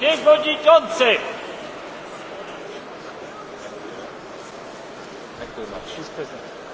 Przewodniczący! Thank you very much. She's present.